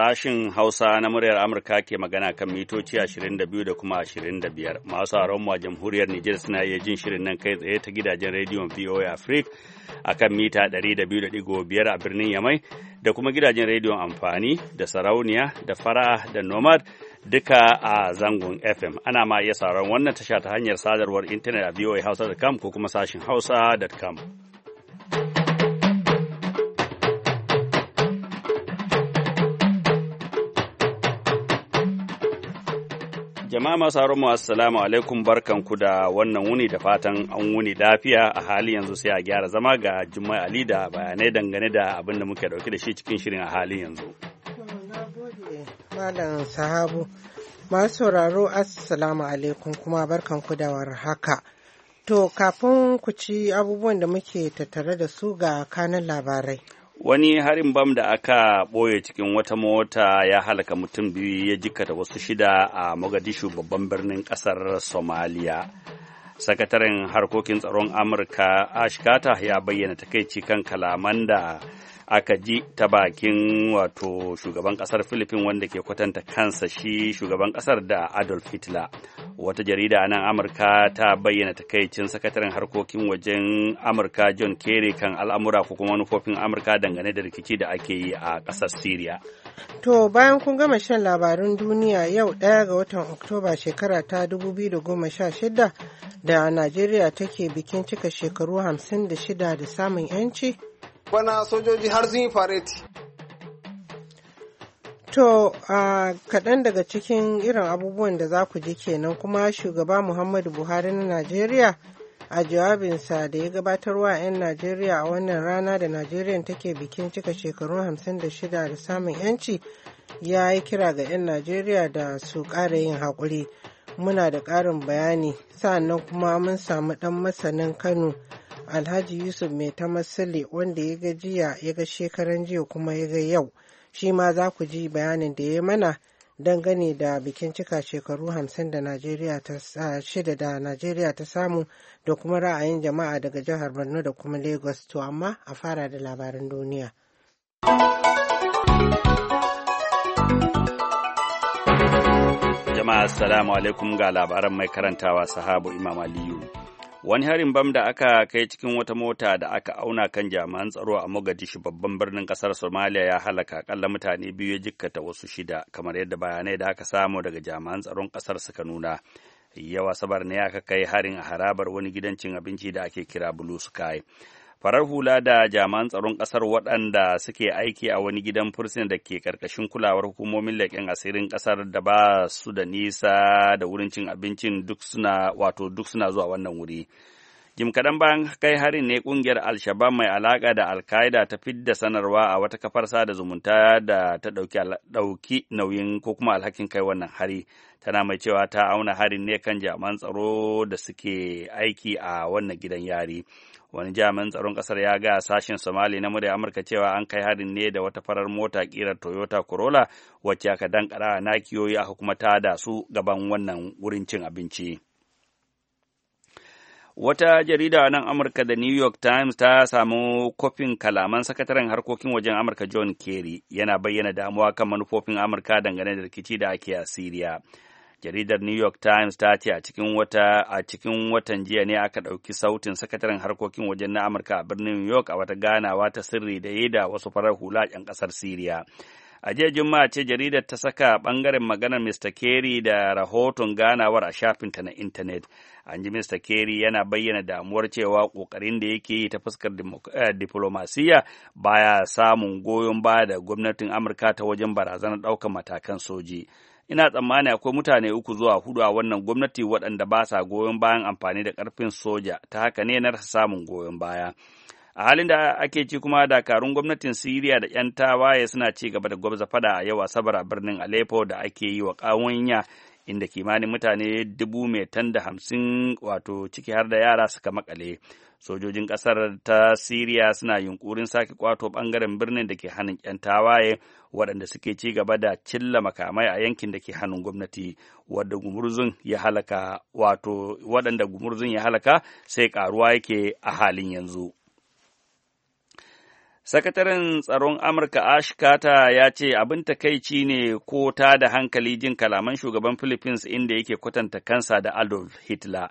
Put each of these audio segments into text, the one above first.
Sashin Hausa na muryar Amurka ke magana kan mitoci 22 da kuma 25. Masu haron a jamhuriyar Nijar suna iya jin shirin nan kai tsaye ta gidajen rediyon VOA Africa a kan mita 200.5 a birnin Yamai da kuma gidajen rediyon amfani da sarauniya da Fara da nomad duka a zangon FM. Ana ma iya sauran wannan tasha ta hanyar sadarwar intanet a voahausa.com ko kuma sashin hausa.com. Jama'a masu mu assalamu alaikum barkanku da wannan wuni da fatan an wuni lafiya a hali yanzu sai a gyara zama ga Jummai Ali da bayanai dangane da abin da muke dauke da shi cikin shirin a hali yanzu. Malam sahabu masu sauraro assalamu alaikum kuma barkanku da warhaka. To kafin ku ci abubuwan da muke tattare da su ga kanan labarai. wani harin bam da aka ɓoye cikin wata mota ya halaka mutum biyu ya jikkata wasu shida a mogadishu babban birnin ƙasar somaliya sakataren harkokin tsaron amurka ash ya bayyana takaici kan kalaman da aka ji ta bakin wato shugaban kasar philippines wanda ke kwatanta kansa shi shugaban kasar da adolf hitler wata jarida a nan amurka ta bayyana takaicin sakataren harkokin wajen amurka john kerry kan al'amura ko kuma manufofin amurka dangane da rikici da ake yi a kasar syria to bayan kun gama shan labarun duniya yau ɗaya ga watan oktoba shekara ta 2016 da najeriya take bikin cika shekaru 56 da samun 'yanci bana sojoji har sun yi fareti To, uh, kaɗan daga cikin irin abubuwan da za ku ji kenan kuma shugaba Muhammadu Buhari na Najeriya a jawabinsa da ya gabatarwa 'yan Najeriya a wannan rana da Najeriya take bikin cika shekaru 56 da samun 'yanci ya yi kira ga 'yan Najeriya da su ƙara yin haƙuri. Muna da ƙarin bayani, sa'annan kuma mun samu ɗan masanin Kano alhaji yusuf mai ta masali wanda ya ga jiya ya ga shekaran jiya kuma ya ga yau shi ma za ku ji bayanin da ya mana dangane da bikin cika shekaru hamsin da najeriya ta shida da najeriya ta samu da kuma ra'ayin jama'a daga jihar borno da kuma lagos to amma a fara da labaran duniya jama'a assalamu alaikum ga labaran mai karantawa sahabu imam aliyu wani harin bam da aka kai cikin wata mota da aka auna kan jami'an tsaro a mogadishu babban birnin kasar somalia ya halaka akalla mutane biyu ya jikkata wasu shida kamar yadda bayanai da aka samu daga jami'an tsaron kasar suka nuna yawa sabar ne aka kai harin a harabar wani gidan cin abinci da ake kira blue sky farar hula da jami'an tsaron ƙasar waɗanda suke aiki a wani gidan fursuna da ke karkashin kulawar hukumomin leƙen asirin ƙasar da ba su da nisa da wurin cin abincin duk suna wato duk suna zuwa wannan wuri jim kaɗan bayan kai harin ne ƙungiyar al-shabab mai alaƙa da al-qaida ta fidda sanarwa a wata kafar sada zumunta da ta ɗauki nauyin ko kuma alhakin kai wannan hari tana mai cewa ta auna harin ne kan jaman tsaro da suke aiki a wannan gidan yari wani jami'in tsaron kasar ya ga sashen somali na murya amurka cewa an kai harin ne da wata farar mota kirar toyota corolla wacce aka dankara a nakiyoyi aka kuma tada su gaban wannan wurin cin abinci wata jarida a nan amurka da new york times ta samu kofin kalaman sakataren harkokin wajen amurka john kerry yana bayyana damuwa kan manufofin amurka dangane da rikici da ake a syria jaridar new york times ta ce a cikin wata a cikin watan jiya ne aka ɗauki sautin sakataren harkokin wajen na amurka a birnin new york a wata ganawa ta sirri da yi da wasu farar hula 'yan ƙasar syria a jiya juma'a ce jaridar ta saka bangaren maganar mr kerry da rahoton ganawar a shafinta na intanet an ji mr kerry yana bayyana damuwar cewa kokarin da yake yi ta fuskar eh, diplomasiya baya samun goyon baya da gwamnatin amurka ta wajen barazanar ɗaukar matakan soji ina tsammani akwai mutane uku zuwa hudu a wannan gwamnati waɗanda ba sa goyon bayan amfani da ƙarfin soja ta haka ne na samun goyon baya a halin da ake ci kuma dakarun gwamnatin siriya da 'yan tawaye suna ci gaba da gwabza fada a yau asabar a birnin aleppo da ake yi wa kawunya inda kimanin mutane dubu mai tan da hamsin wato ciki har da yara suka makale sojojin kasar ta siriya suna yunkurin sake kwato bangaren birnin da ke hannun 'yan tawaye waɗanda suke ci gaba da cilla makamai a yankin da ke hannun gwamnati wadda gumurzun ya halaka wato waɗanda gumurzun ya halaka sai karuwa yake a halin yanzu Sakataren tsaron Amurka Ash Carter ya ce abin takaici ne ko ta da hankali jin kalaman shugaban Philippines inda yake kwatanta kansa da Adolf Hitler.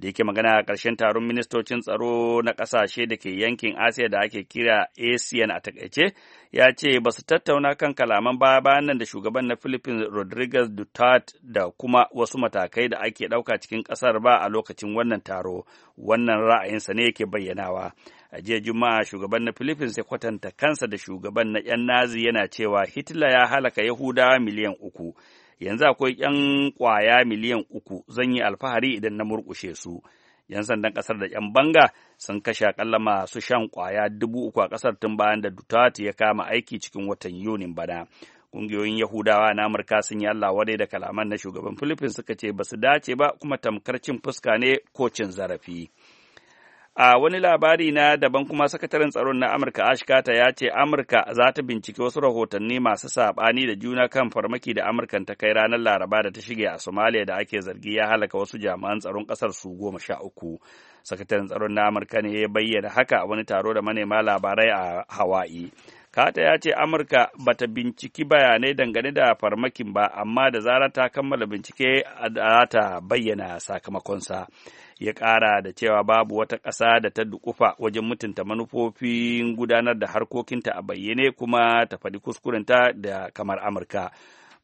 da yake magana a ƙarshen taron ministocin tsaro na ƙasashe da ke yankin asiya da ake kira asian a takaice ya ce ba su tattauna kan kalaman baya bayan nan da shugaban na philippines rodriguez duterte da kuma wasu matakai da ake ɗauka cikin ƙasar ba a lokacin wannan taro wannan ra'ayinsa ne yake bayyanawa a jiya juma'a shugaban na philippines ya kwatanta kansa da shugaban na 'yan nazi yana cewa hitler ya halaka yahudawa miliyan uku yanzu akwai 'yan kwaya miliyan uku zan yi alfahari idan na murƙushe su. 'Yan sandan ƙasar da 'yan banga sun kashe aƙalla masu shan kwaya dubu uku a ƙasar tun bayan da Duterte ya kama aiki cikin watan Yunin bana. Ƙungiyoyin Yahudawa na Amurka sun yi Allah wadai da kalaman na shugaban Philippines suka ce ba su dace ba kuma tamkar cin fuska ne ko cin zarafi. A wani labari na daban kuma sakataren tsaron na Amurka Ash ya ce Amurka za ta binciki wasu rahotanni masu saɓani da juna kan farmaki da amurka ta kai ranar Laraba da ta shige a Somalia da ake zargi ya halaka wasu jami'an tsaron ƙasar su goma sha uku. Sakataren tsaron na Amurka ne ya bayyana haka a wani taro da manema labarai a Hawaii. Kata ya ce Amurka ba ta binciki bayanai dangane da farmakin ba, amma da zarar ta kammala bincike za ta bayyana sakamakonsa. ya ƙara da cewa babu wata ƙasa da ta dukufa wajen mutunta manufofin gudanar da harkokinta a bayyane kuma ta faɗi kuskurenta da kamar Amurka.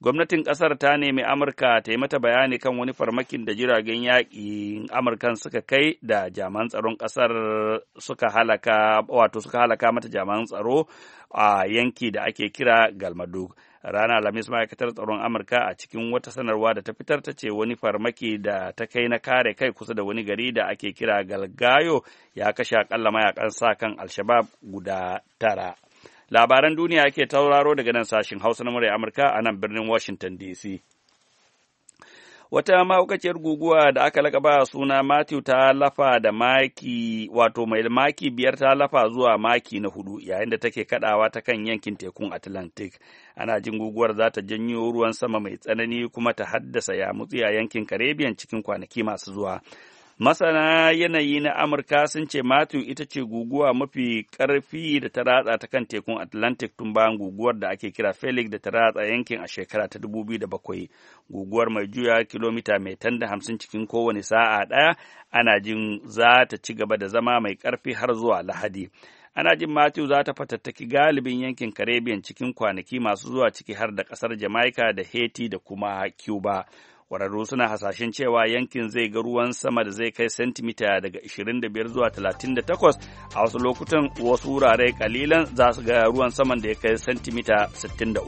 Gwamnatin ƙasar ta nemi Amurka ta yi mata bayani kan wani farmakin da jiragen yaƙin Amurkan suka kai da jaman tsaron ƙasar suka halaka wato suka halaka mata jaman tsaro a yanki da ake kira Galmadug. ranar alhamis ma'aikatar tsaron amurka a cikin wata sanarwa da ta fitar ta ce wani farmaki da ta kai na kare kai kusa da wani gari da ake kira galgayo ya kashe akalla mayakan sa kan alshabab guda tara labaran duniya ake tauraro daga nan sashin hausa na murya amurka a nan birnin washington dc wata mahaukaciyar guguwa da aka laka lakaba suna Matthew ta lafa da maki wato mai maki biyar ta lafa zuwa maki na hudu yayin da take kadawa ta kan yankin tekun Atlantic ana jin guguwar za ta janyo ruwan sama mai tsanani kuma ta haddasa yamutsi a yankin Caribbean cikin kwanaki masu zuwa Masana yanayi na Amurka sun ce Matthew ita ce guguwa mafi ƙarfi da ta ratsa ta kan tekun Atlantic tun bayan guguwar da ake kira Felix da ta ratsa yankin a shekara ta 2007. Guguwar mai juya kilomita mai tanda hamsin cikin kowane sa'a ɗaya ana jin za ta ci gaba da zama mai karfi har zuwa Lahadi. ana jin Matthew za ta fatattaki galibin yankin Caribbean cikin kwanaki masu zuwa ciki har da ƙasar Jamaica da Haiti da kuma Cuba. Ƙwararru suna hasashen cewa yankin zai ga ruwan sama da zai kai sentimita daga 25 zuwa 38 a wasu lokutan wasu wurare kalilan za su ga ruwan saman da ya kai sentimita 63.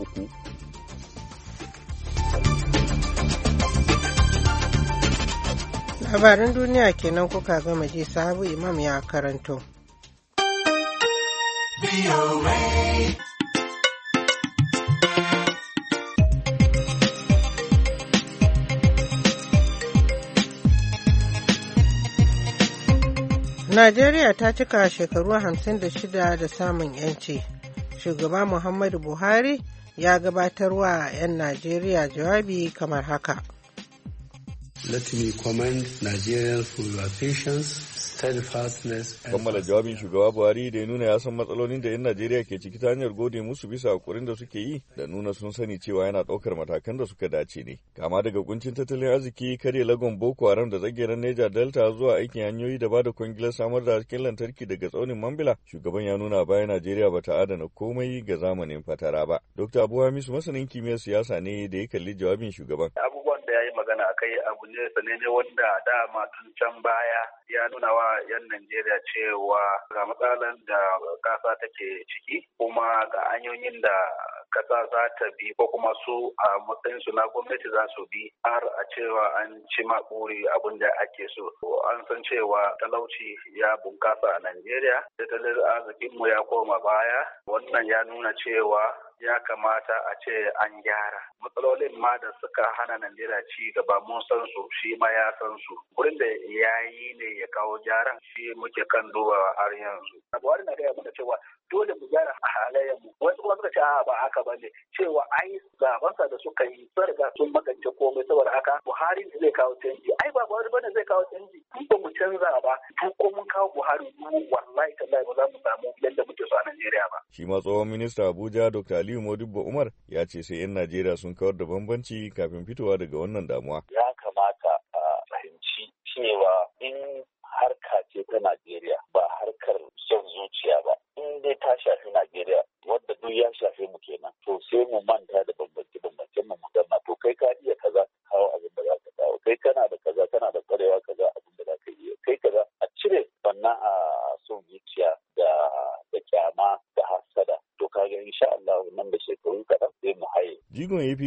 labarin duniya kenan kuka gama ji sabu imam ya karanto. Najeriya ta cika shekaru 56 da samun 'yanci. Shugaba Muhammadu Buhari ya gabatar wa 'yan Najeriya jawabi kamar haka. Let me kammala jawabin shugaba buhari da ya nuna ya san matsalolin da 'yan najeriya ke ciki ta hanyar gode musu bisa hakurin da suke yi da nuna sun sani cewa yana ɗaukar matakan da suka dace ne kama daga kuncin tattalin arziki karya lagon boko haram da tsageren neja delta zuwa aikin hanyoyi da ba da kwangilar samar da hasken lantarki daga tsaunin mambila shugaban ya nuna bayan najeriya ba ta adana komai ga zamanin fatara ba dr abu hamisu masanin kimiyyar siyasa ne da ya kalli jawabin shugaban ya yi magana a kai abu ne sanene wanda da tun can baya ya nuna wa 'yan Najeriya cewa ga matsalan da kasa take ciki kuma ga hanyoyin da kasa za ta bi ko kuma su a matsayin na gwamnati za su bi har a cewa an ci makuri abin da ake so an san cewa talauci ya bunkasa a Najeriya tattalin arzikinmu ya koma baya wannan ya nuna cewa ya kamata a ce an gyara matsalolin ma da suka hana Najeriya ci gaba mun san su shi ma ya san su wurin da ya yi ne ya kawo gyaran shi muke kan duba har yanzu. Buhari na gaya mana cewa dole mu gyara halayen mu wasu kuma suka ce a ba haka ba ne cewa ai zabansa da suka yi sun riga sun magance komai saboda haka Buhari ne zai kawo canji ai ba Buhari bane zai kawo canji in ba mu canza ba ko mun kawo Buhari mu wallahi tallahi ba za mu samu yadda muke so a Najeriya ba. Shi ma tsohon minista Abuja Dr. Aliyu Modibo Umar ya ce sai 'yan Najeriya sun sun kawar da bambanci kafin fitowa daga wannan damuwa. Ya kamata a fahimci cewa in harka ce ta Najeriya ba harkar son zuciya ba. In dai ta shafi Najeriya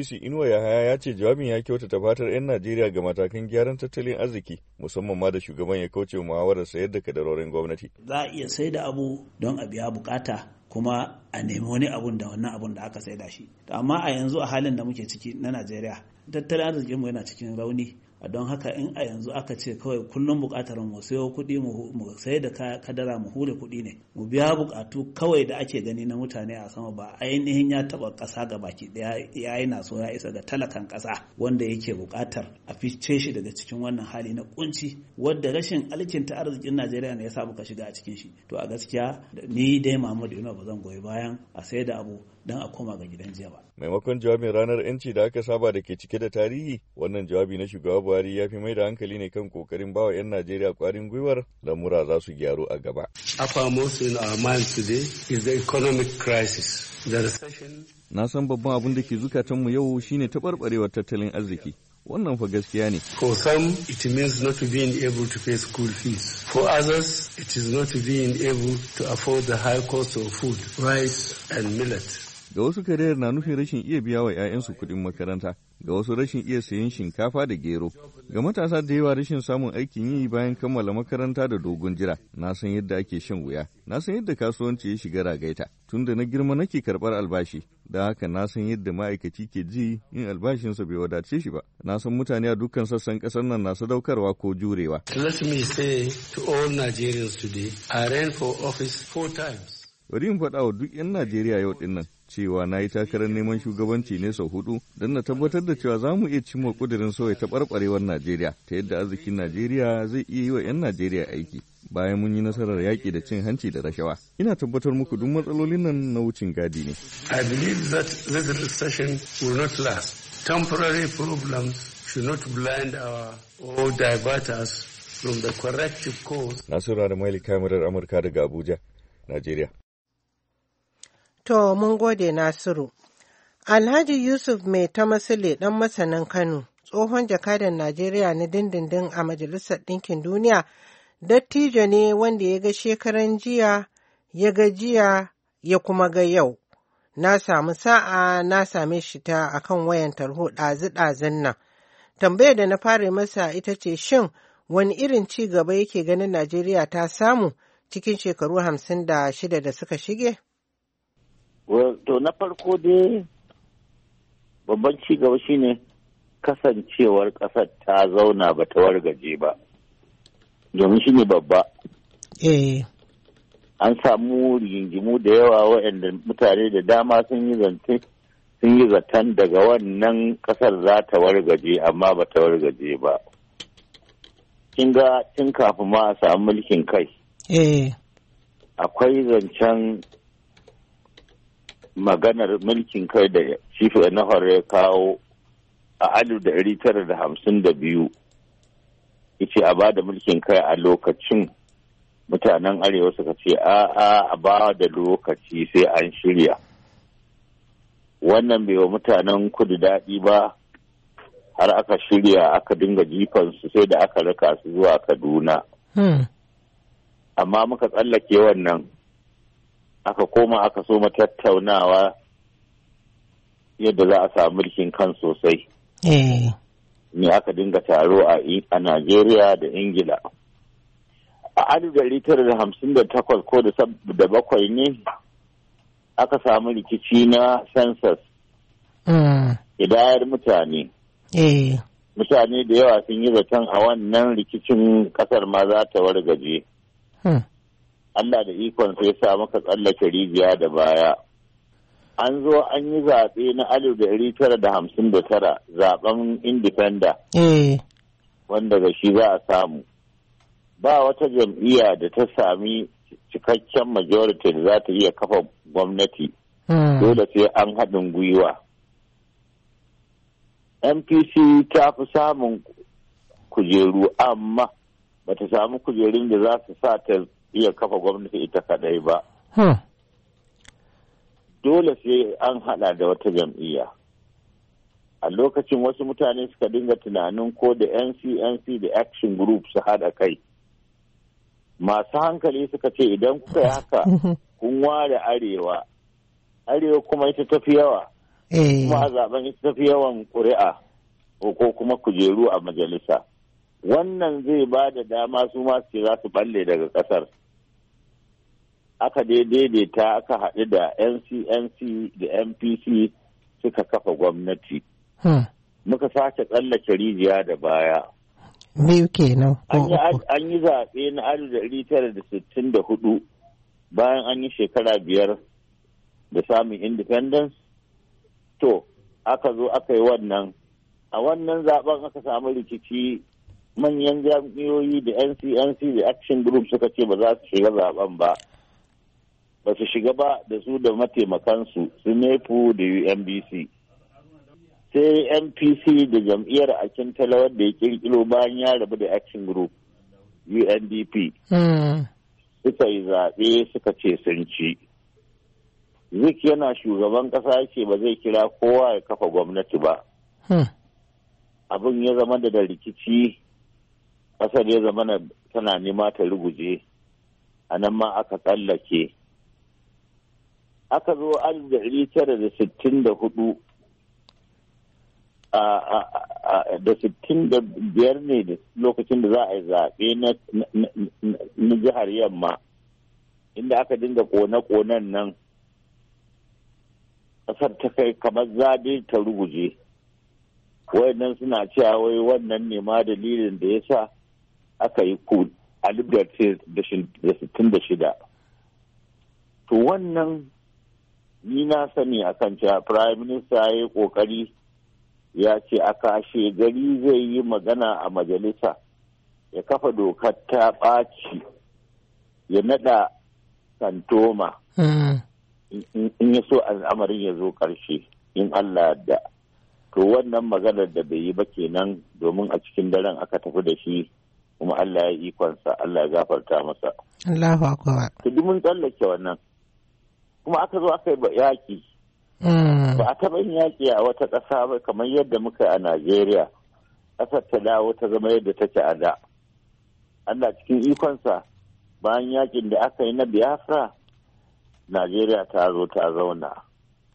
APC Inuwa Yahaya ya ce jawabin ya kyautata fatar 'yan Najeriya ga matakan gyaran tattalin arziki musamman ma da shugaban ya kauce muhawarar sayar da kadarorin gwamnati. Za a iya sai da abu don a biya bukata kuma a nemi wani abun da wannan abun da aka sai da shi. Amma a yanzu a halin da muke ciki na Najeriya tattalin arzikinmu yana cikin rauni don haka in a yanzu aka ce kawai kullum bukatar mu sayo kuɗi mu sai da kadara mu hure kuɗi ne mu biya bukatu kawai da ake gani na mutane a sama ba ainihin ya taba kasa ga baki ɗaya ya na so ya isa ga talakan kasa. wanda yake bukatar a fice shi daga cikin wannan hali na kunci wadda rashin ta arzikin Najeriya ne ya sa muka shiga a cikin shi to a gaskiya ni dai Muhammadu Yunus ba zan goyi bayan a sai da abu don a koma ga gidan jiya ba. Maimakon jawabin ranar 'yanci da aka saba da ke cike da tarihi, wannan jawabi na shugaba Buhari ya fi mai da hankali ne kan kokarin bawa 'yan Najeriya kwarin gwiwar lamura za su gyaru a gaba. in our mind today is economic crisis. Na san babban abin da ke zukatanmu yau shine taɓarɓarewar tattalin arziki. wannan fa gaskiya ne. For some it means not being able to pay school fees. For others it is not being able to afford the high cost of food, rice and millet. Ga wasu kariyar na nufin rashin iya biya wa 'ya'yansu kuɗin makaranta, ga wasu rashin iya sayan shinkafa da gero. Ga matasa da yawa rashin samun aikin yi bayan kammala makaranta da dogon jira, na san yadda ake shan wuya, na san yadda kasuwanci ya shiga ragaita, tun da na girma nake karɓar albashi, da haka na san yadda ma'aikaci ke ji in albashinsa bai wadace shi ba. Na san mutane a dukkan sassan ƙasar nan na sadaukarwa ko jurewa. Let me say to all Nigerians today, I ran for office four times. Bari in faɗa wa duk 'yan Najeriya yau ɗin nan, cewa na yi takarar neman shugabanci ne sau hudu don na tabbatar da cewa za mu iya cimma kudirin sauya taɓarɓarewar Najeriya ta yadda arzikin Najeriya zai iya yi wa 'yan Najeriya aiki. bayan mun yi nasarar yaƙi da cin hanci da rashawa. Ina tabbatar muku duk matsalolin nan na wucin gadi ne. I believe that this recession will not last. Temporary problems should not blind our or divert us from the corrective course. Nasiru Adamaili kamarar Amurka daga Abuja, Najeriya. To, mun gode Nasiru. Alhaji Yusuf mai ta masule ɗan masanin Kano, tsohon jakadan Najeriya na dindindin a Majalisar Ɗinkin Duniya, dattijo ne wanda ya ga shekaran jiya, ya ga jiya, ya kuma ga yau. Na samu sa'a na same shi ta akan wayan tarho ɗazu-ɗazun nan. Tambayar da na fara masa ita ce shin wani irin ci gaba yake ganin Najeriya ta samu cikin shekaru hamsin da shida da suka shige? to na farko dai babban cigaba shine kasancewar ƙasar ta zauna ba ta wargaje ba domin shi ne babba eh. an samu rigingimu da yawa waɗanda mutane da dama sun yi zance sun yi zaton daga wannan ƙasar za ta wargaje amma ba ta wargaje ba kin ga tun kafin ma a samu mulkin kai eh. akwai zancen maganar mulkin kai da chief na ya kawo a alif da ɗari tara da hamsin da biyu ce a ba da mulkin kai a lokacin mutanen arewa suka ce a a a ba da lokaci sai an shirya wannan bai wa mutanen kudu daɗi ba har aka shirya aka dinga jifansu sai da aka raka su zuwa kaduna hmm. amma muka tsallake wannan aka koma aka so tattaunawa yadda za a samu mulkin kan sosai ne eh. aka dinga taro a Najeriya da Ingila. A da hamsin da takwas ko da bakwai ne aka samu rikici na census. Hmm. Idayar mutane. Eh. Mutane da yawa sun yi zaton a wannan rikicin kasar ma za ta wargaje. Hmm. Allah da ikon sai sa maka tsallake rijiya da baya. An zo an yi zaɓe na alif da ɗari tara da hamsin da tara zaɓen indifenda. Eh. Wanda ga shi za a samu. Ba wata jam'iyya da ta sami cikakken majority da za ta iya kafa gwamnati. Hmm. Dole sai an haɗin gwiwa. MPC ta fi samun kujeru amma ba ta samu kujerun da za su sa ta iya kafa gwamnati ita kadai ba. Hmm. Dole sai an haɗa da wata jam'iyya. A lokacin wasu mutane suka dinga tunanin ko da NCNC da Action Group su haɗa kai. Masu hankali suka ce idan kuka yi haka kun ware arewa, arewa kuma ita tafi yawa, eh. kuma a zaben ita tafi yawan ƙuri'a ko kuma kujeru a majalisa. Wannan zai ba da dama su masu ce za su balle daga ƙasar. aka daidaita aka haɗu da ncnc da mpc suka kafa gwamnati hmm. muka sace tsallake rijiya da baya biyu kenan an yi zaɓe na alif da tara da sittin da hudu bayan an yi shekara biyar da samun independence to aka zo aka yi wannan a wannan zaben aka samu rikici manyan jami'oyi da ncnc da action group suka ce ba za su shiga zaben ba ba su shiga ba da su da mataimakansu su nefu da UNBC. Sai NPC da jam'iyyar akin talawar da ya kirkiro bayan ya rabu da Action Group UNDP. Hmm. Suka yi zaɓe suka ce sun ci. Zik yana shugaban ƙasa ce ba zai kira kowa ya kafa gwamnati ba. Hmm. Abin ya zama da da rikici ƙasar ya zama tana nema ta ruguje, a nan ma aka tsallake. aka zo alif da ɗari tara da sittin da hudu da sittin da biyar ne da lokacin da za a yi zaɓe na jihar yamma inda aka dinga kone-konen nan ƙasar ta kai kamar zabe ta ruguje wayannan suna cewa wai wannan ne ma dalilin da ya sa aka yi ku alif da sittin da shida to wannan ni na sani akan cewa prime minister ya yi kokari ya ce a kashe gari zai yi magana a majalisa ya kafa dokar ta ɓaci ya nada kantoma hmm. in ya so al'amarin ya zo ƙarshe in allah da to wannan maganar da bai yi ba kenan domin a cikin daren aka tafi da shi kuma allah ya ikonsa allah ya gafarta masa allahu mun tsallake wannan kuma aka zo aka yi yaƙi hmm. ba a taɓa yin yaƙi a wata ƙasa ba kamar yadda muka a najeriya ƙasar ta dawo ta zama yadda take a da allah cikin ikonsa bayan yaƙin da aka yi na biafra najeriya ta zo ta zauna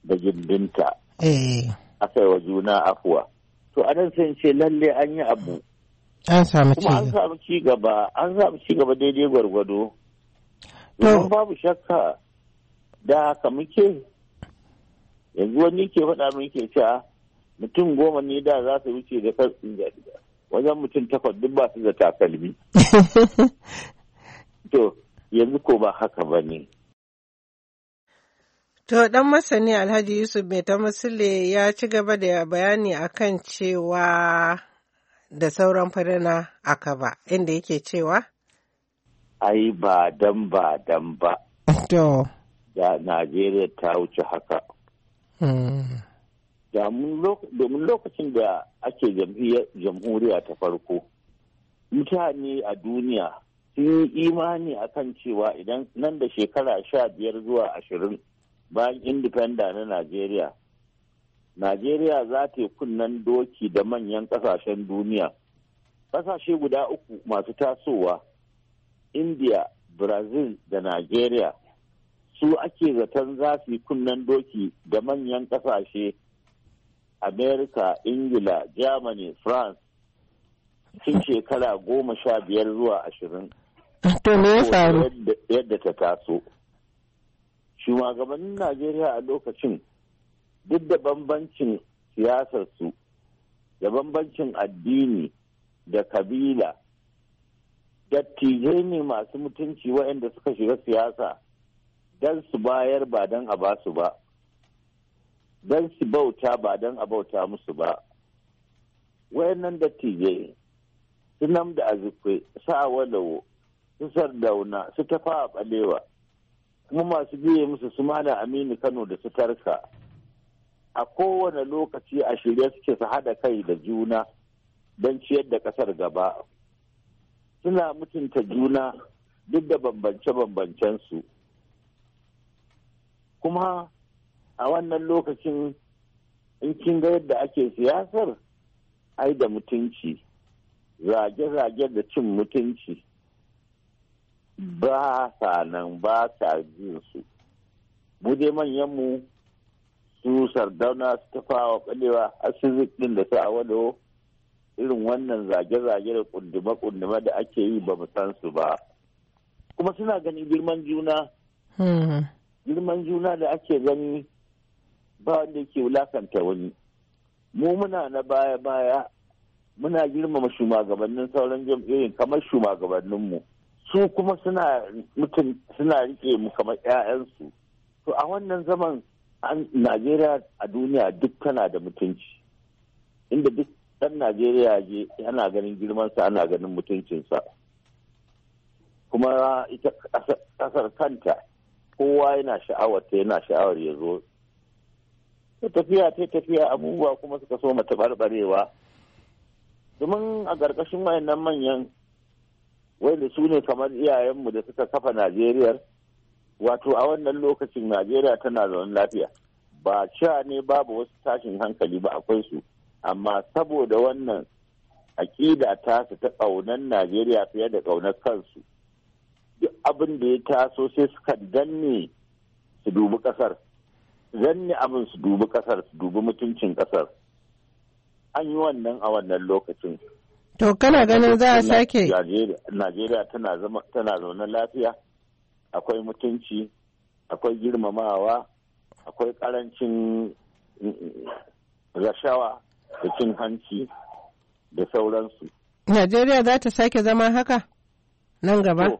da gindinta eh. aka yi wa juna afuwa to anan sai ce lalle an yi abu an samu ci an samu ci gaba an samu ci gaba daidai gwargwado to babu shakka da haka muke yanzu wani ke faɗa min ke cewa mutum goma ne da za su wuce da kansu wajen mutum takwas duk ba su da takalmi to yanzu ko ba haka ba ne To ɗan masani Alhaji Yusuf mai ta ya ci gaba da bayani akan cewa da sauran fadana aka ba inda yake cewa? Ai ba dan ba dan ba. To. da najeriya ta wuce haka hmm. domin lokacin da ake jamhuriya ta farko mutane a duniya sun yi imani akan cewa idan nan da shekara sha biyar zuwa ashirin bayan indifenda na najeriya najeriya za ta yi kunnen doki da manyan kasashen duniya kasashe guda uku masu tasowa india brazil da najeriya su ake zaton za yi kunnen doki da manyan kasashe amerika ingila germany france cikin shekara goma sha biyar zuwa ashirin yadda ta taso shugabannin najeriya a lokacin duk da bambancin siyasarsu da bambancin addini da kabila dattijai ne masu mutunci waɗanda suka shiga siyasa dan su bayar ba dan a ba su ba dan su bauta ba dan a bauta musu ba wayannan dattijai su nam da azikwe sa'a walawo su sardauna su tafa a balewa kuma masu biye musu su mana aminu kano da su tarka a kowane lokaci a shirye suke su hada kai da juna don ciyar da kasar gaba suna mutunta juna duk da bambance-bambancensu kuma a wannan lokacin in kin ga yadda ake siyasar ai da mutunci zage-zage da cin mutunci ba sa nan ba sa jin su mu dai mu su sardauna su tafawa kwalewa asizik din da su a wado irin wannan zage-zage da kundume-kundume da ake yi ba mu san su ba kuma suna ganin girman juna hmm. girman juna da ake gani ba wanda ke wulakanta wani mu muna na baya-baya muna girmama shugabannin sauran jam'iyyar kamar shugabanninmu su kuma suna mutum suna rike mu kamar 'ya'yansu to a wannan zaman najeriya a duniya duk tana da mutunci inda duk ɗan najeriya je ana ganin girmansa ana ganin mutuncinsa kuma ita ƙasar kanta kowa yana sha'awar ta yana sha'awar ya zo ta tafiya ta tafiya abubuwa kuma suka so mata barbarewa domin a ƙarƙashin wayannan manyan wanda su ne kamar iyayenmu da suka kafa najeriya wato a wannan lokacin najeriya tana zaune lafiya ba cewa ne babu wasu tashin hankali ba akwai su amma saboda wannan aƙida ta su ta ƙaunar najeriya fiye da ƙaunar kansu abin da ya taso sai suka danne su dubi kasar zanne abin su dubi kasar su dubi mutuncin kasar an yi wannan a wannan lokacin to kana ganin za a sake najeriya tana zaune lafiya akwai mutunci akwai girmamawa akwai karancin mm, mm, rashawa da cin hanci da sauransu najeriya za ta sake zama haka nan gaba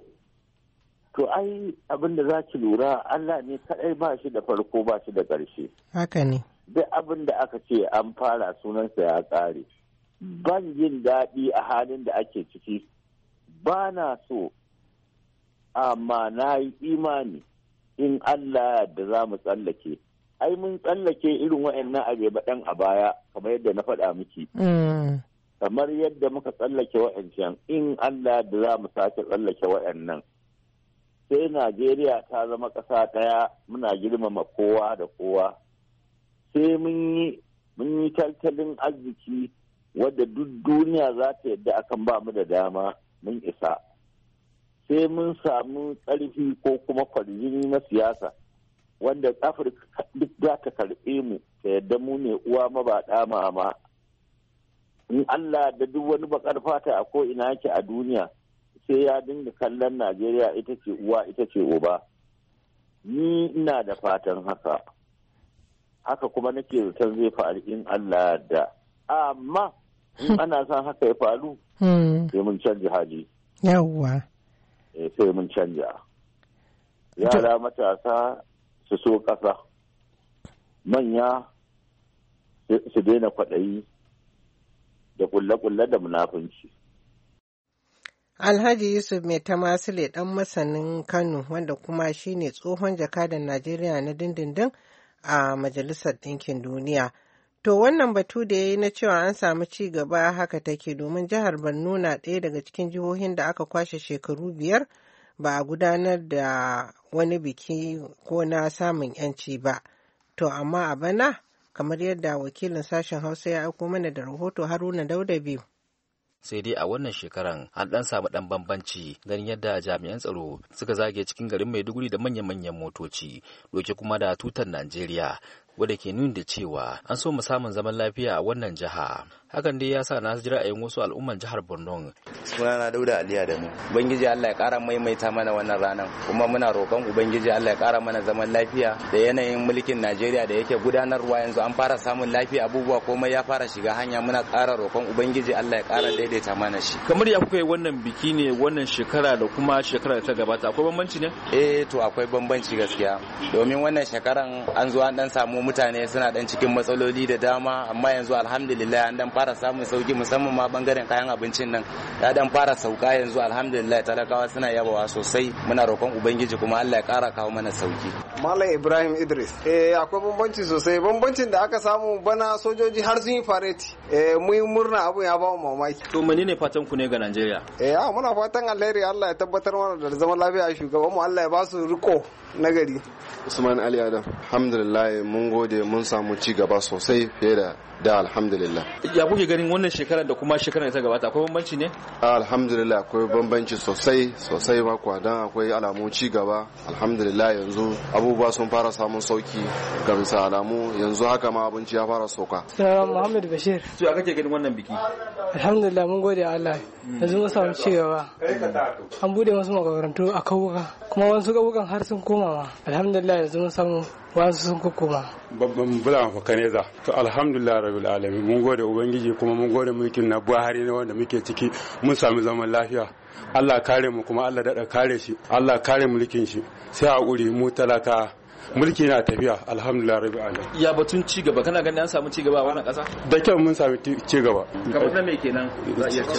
to ai abin da za ki lura Allah ne kaɗai ba shi da farko ba shi da ƙarshe. Haka ne. Duk abin da aka ce an fara sunansa ya ƙare. Ban yin daɗi a halin da ake ciki ba na so amma na yi imani in Allah da za mu tsallake. Ai mun tsallake irin wa'annan abe ɗan a baya kamar yadda na faɗa miki. Mm. Kamar yadda muka tsallake wa'ancan in Allah da za mu sake tsallake wa'annan. sai najeriya ta zama ƙasa ɗaya muna girmama kowa da kowa sai mun yi mun yi tattalin arziki wanda duk duniya za ta yadda akan ba mu da dama mun isa sai mun samu ƙarfi ko kuma kwarjini na siyasa wanda afirka duk za ta karɓe mu ta yadda mu ne uwa mabaɗa mama in allah da duk wani baƙar fata a ko ina yake a duniya sai ya dinga kallon najeriya ita ce uwa ita ce uba ni ina da fatan haka haka kuma nake zaton zai faru in allah da amma in hmm. ana son haka ya faru hmm. sai mun canja haji. yawwa eh, sai mun canja yara matasa su so ƙasa manya su daina kwaɗayi da ƙulle kulle da munafunci Alhaji Yusuf mai tamasile ɗan masanin Kano wanda kuma shine tsohon jakadan Najeriya na dindindin a Majalisar Ɗinkin Duniya. To wannan batu da ya yi na cewa an samu ci gaba haka take domin jihar Borno na ɗaya daga cikin jihohin da aka kwashe shekaru biyar ba a gudanar da wani biki ko na samun 'yanci ba. To amma a bana kamar yadda wakilin sashen Hausa ya aiko mana da rahoto Haruna Dauda biyu. sai dai a wannan shekaran an dan samu dan bambanci ganin yadda jami'an tsaro suka zage cikin garin maiduguri da manya-manyan motoci doke kuma da tutar najeriya wanda ke nuni da cewa an so mu samun zaman lafiya a wannan jiha hakan dai ya sa na ji ra'ayin wasu al'umman jihar Borno na Dauda Aliya da mu ubangiji Allah ya kara maimaita mana wannan ranar kuma muna roƙon ubangiji Allah ya kara mana zaman lafiya da yanayin mulkin Najeriya da yake gudanarwa yanzu an fara samun lafiya abubuwa komai ya fara shiga hanya muna kara roƙon ubangiji Allah ya kara daidaita mana shi kamar ya kuka yi wannan biki ne wannan shekara da kuma shekara ta gabata akwai bambanci ne eh to akwai bambanci gaskiya domin wannan shekaran an zo an dan samu mutane suna dan cikin matsaloli da dama amma yanzu alhamdulillah an dan fara samun sauki musamman ma bangaren kayan abincin nan ya dan fara sauka yanzu alhamdulillah talakawa suna yabawa sosai muna roƙon ubangiji kuma Allah ya ƙara kawo mana sauki Malam Ibrahim Idris eh akwai bambanci sosai bambancin da aka samu bana sojoji har sun yi fareti eh mun murna abu ya ba mu mamaki to menene fatan ku ne ga Najeriya eh muna fatan alheri Allah ya tabbatar mana da zaman lafiya shugaban mu Allah ya ba su riko nagari Usman Ali Adam alhamdulillah mun gode mun samu ci gaba sosai fiye da da alhamdulillah ya kuke ganin wannan shekarar da kuma shekarar da ta gabata akwai bambanci ne ah, alhamdulillah akwai bambanci sosai sosai kuwa dan akwai alamu ci gaba alhamdulillah yanzu abubuwa sun fara samun sauki ga bisa alamu yanzu haka ma abinci ya fara sauka salamu muhammad bashir to ya kake ganin wannan biki alhamdulillah mun gode Allah hmm. yanzu mun samu ci gaba an bude musu makarantu a kawuka kuma wasu kaukan har sun koma ma alhamdulillah yanzu mun samu wasu sun kukuma babban bula fa kaneza to alhamdulillah rabbil alamin mun gode ubangiji kuma mun gode mulkin na buhari na wanda muke ciki mun sami zaman lafiya Allah kare mu kuma Allah dada kare shi Allah kare mulkin shi sai a mu talaka mulki na tafiya alhamdulillah rabi alamin ya batun ci gaba kana ganin an samu ci gaba a wannan kasa da kyau mun samu ci gaba kamar na me kenan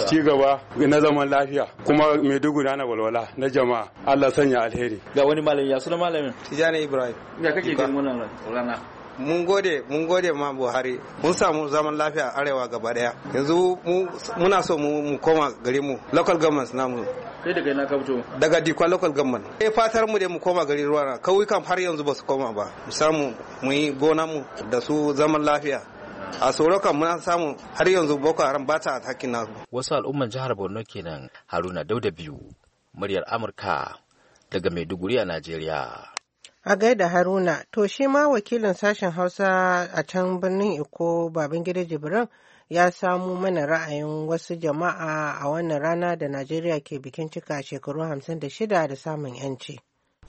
ci gaba na zaman lafiya kuma mai dugu na walwala na jama'a Allah sanya alheri ga wani malami ya suna malamin Tijani Ibrahim ya kake ganin wannan rana mun gode mun gode ma buhari mun samu zaman lafiya arewa gaba daya yanzu muna so mu koma gari mu local governments namu kai daga ina ka fito daga dikwa local government eh fatar mu da mu koma gari ruwana kauyukan har yanzu ba su koma ba mu samu mu yi gona mu da su zaman lafiya a sorokan muna samu har yanzu boko haram ba ta hakkin nasu wasu al'umman jihar borno kenan haruna dauda biyu muryar amurka daga maiduguri a najeriya A gaida Haruna, to shi ma wakilin sashen Hausa a can birnin Iko Babangida Jibrin ya samu mana ra'ayin wasu jama'a a wannan rana da Najeriya ke bikin cika shekaru 56 da samun 'yanci.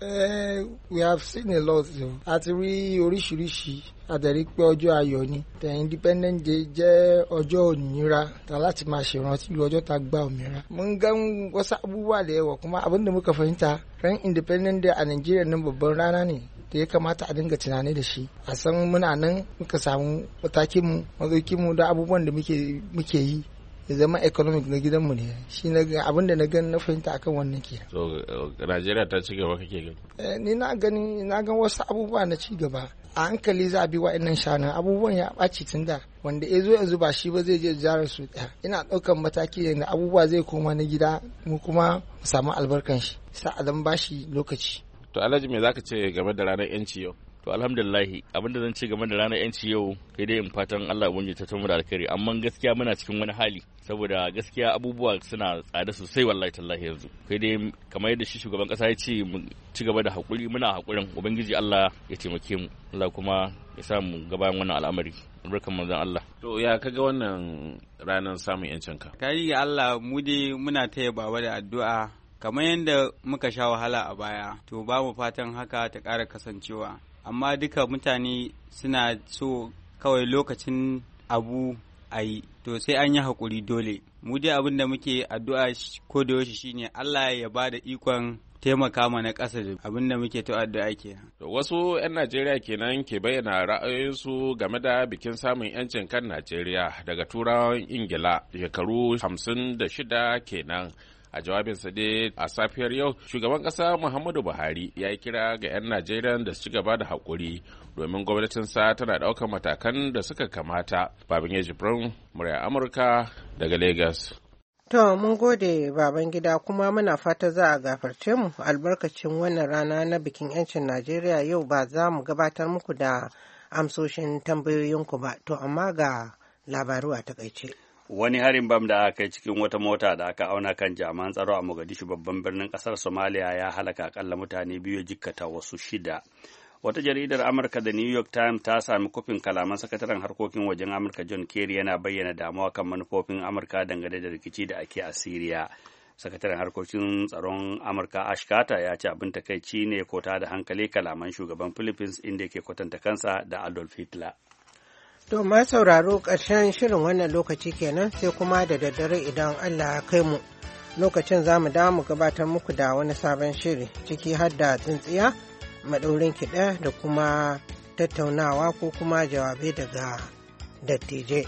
Eh, we have seen a lot a ti rí oríṣiríṣi àtẹ̀rí pé ọjọ́ ayọ̀ ni the independent Day jẹ́ ọjọ́ òmìnira ta láti máa ṣèrántí ọjọ́ ta gba òmìnira. mun ga wasu abubuwa da yawa kuma abin da muka fahimta ran independent Day a nigeria nan babban rana ne da ya kamata a dinga tunani da shi a san muna nan muka samu matakinmu mu abubuwan da muke yi ya zama economic na gidanmu ne shi na abin da na gan na fahimta akan wannan ke so uh, Najeriya ta ci gaba kake gani eh, ni na gani na gan wasu abubuwa na ci gaba a hankali za a bi wa'annan shana abubuwan ya ɓaci tun da wanda ya zo yanzu ba shi ba zai je jara su ɗaya ina ɗaukan mataki da abubuwa zai koma na gida mu kuma mu samu albarkan shi sa'adan bashi lokaci to alhaji me zaka ce game da ranar yanci yau to alhamdulillahi abin da zan ci game da ranar yanci yau kai dai in fatan Allah ubangiji ta tamu da alkhairi amma gaskiya muna cikin wani hali saboda gaskiya abubuwa suna tsada sosai wallahi tallahi yanzu kai dai kamar yadda shi shugaban kasa ya ce mu ci gaba da hakuri muna hakurin ubangiji Allah ya taimake mu Allah kuma ya sa mu gabayan wannan al'amari barkan manzon Allah to ya kaga wannan ranar samun yancin ka kai ga Allah mu dai muna taya baba da addu'a kamar yadda muka sha wahala a baya to ba fatan haka ta kara kasancewa amma duka mutane suna so kawai lokacin abu a yi to sai an yi haƙuri dole mu dai abin da muke addu'a ko da yaushe shine Allah ya ba da ikon taimaka mana ƙasa da abin da muke ta addu'a ke. Wasu 'yan Najeriya kenan ke bayyana ra'ayoyinsu game da bikin samun 'yancin kan Najeriya daga turawan Ingila shekaru 56 kenan. a jawabinsa dai a safiyar yau shugaban kasa muhammadu buhari ya yi kira ga 'yan najeriya da su ci gaba da haƙuri domin gwamnatinsa tana ɗaukar matakan da suka kamata babin yaji mura murya amurka daga lagos To mun gode baban gida kuma muna fata za a gafarce mu albarkacin wannan rana na bikin 'yancin Najeriya yau ba za mu gabatar muku da amsoshin tambayoyinku ba to amma ga labaru a takaice. wani harin bam da aka kai cikin wata mota da aka auna kan jami'an tsaro a mogadishu babban birnin kasar Somalia ya halaka akalla mutane biyu jikkata wasu shida wata jaridar amurka da new york times ta sami kofin kalaman sakataren harkokin wajen amurka john kerry yana bayyana damuwa kan manufofin amurka dangane da rikici da ake a syria sakataren harkokin tsaron amurka ash ya ce abin takaici ne kota da hankali kalaman shugaban philippines inda yake kwatanta kansa da adolf hitler To ma sauraro ƙarshen shirin wannan lokaci kenan sai kuma da daddare idan Allah ya kai mu. Lokacin za mu dawo mu gabatar muku da wani sabon shiri ciki har da tsintsiya maɗaurin kiɗa da kuma tattaunawa ko kuma jawabai daga dattijai.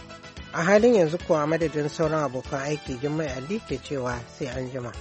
A halin yanzu kuwa madadin sauran abokan aiki Jummai Ali ke cewa sai an jima.